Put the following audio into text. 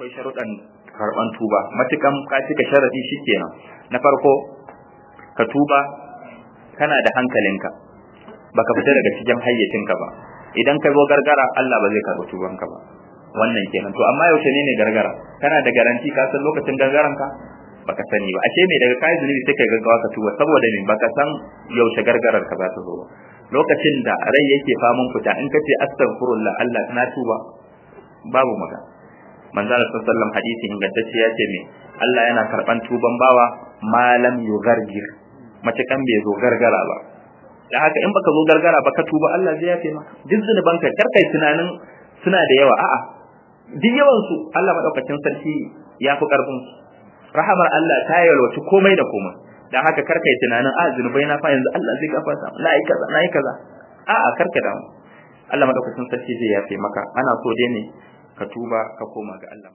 akwai sharuɗan karɓan tuba matukan ka cika sharadi shikenan na farko ka tuba kana da hankalinka baka fita daga cikin hayyacinka ba idan ka zo gargara Allah ba zai karɓi tubanka ba wannan kenan to amma yaushe ne ne gargara kana da garanti ka san lokacin gargaranka baka sani ba ashe me daga kai zunubi sai kai gaggawa ka tuba saboda me baka san yaushe gargarar ka za ta zo ba lokacin da rai yake faman fita in ka ce astaghfirullah Allah na tuba babu magana Allah sallallahu hadisi ingantacce ya ce Allah yana karban tuban bawa malam yugargir kan bai zo gargara ba da haka in baka zo gargara ba ka tuba Allah zai yafe maka duk zunuban ka karkai tunanin suna da yawa a'a duk yawan su Allah madaukakin sarki ya fi karfin su rahamar Allah ta yalwaci komai da komai dan haka karkai tunanin a zunubai na fa yanzu Allah zai gafarta na yi kaza na yi kaza a'a ka damu Allah madaukakin sarki zai yafe maka ana so dai ne ka tuba ka koma ga Allah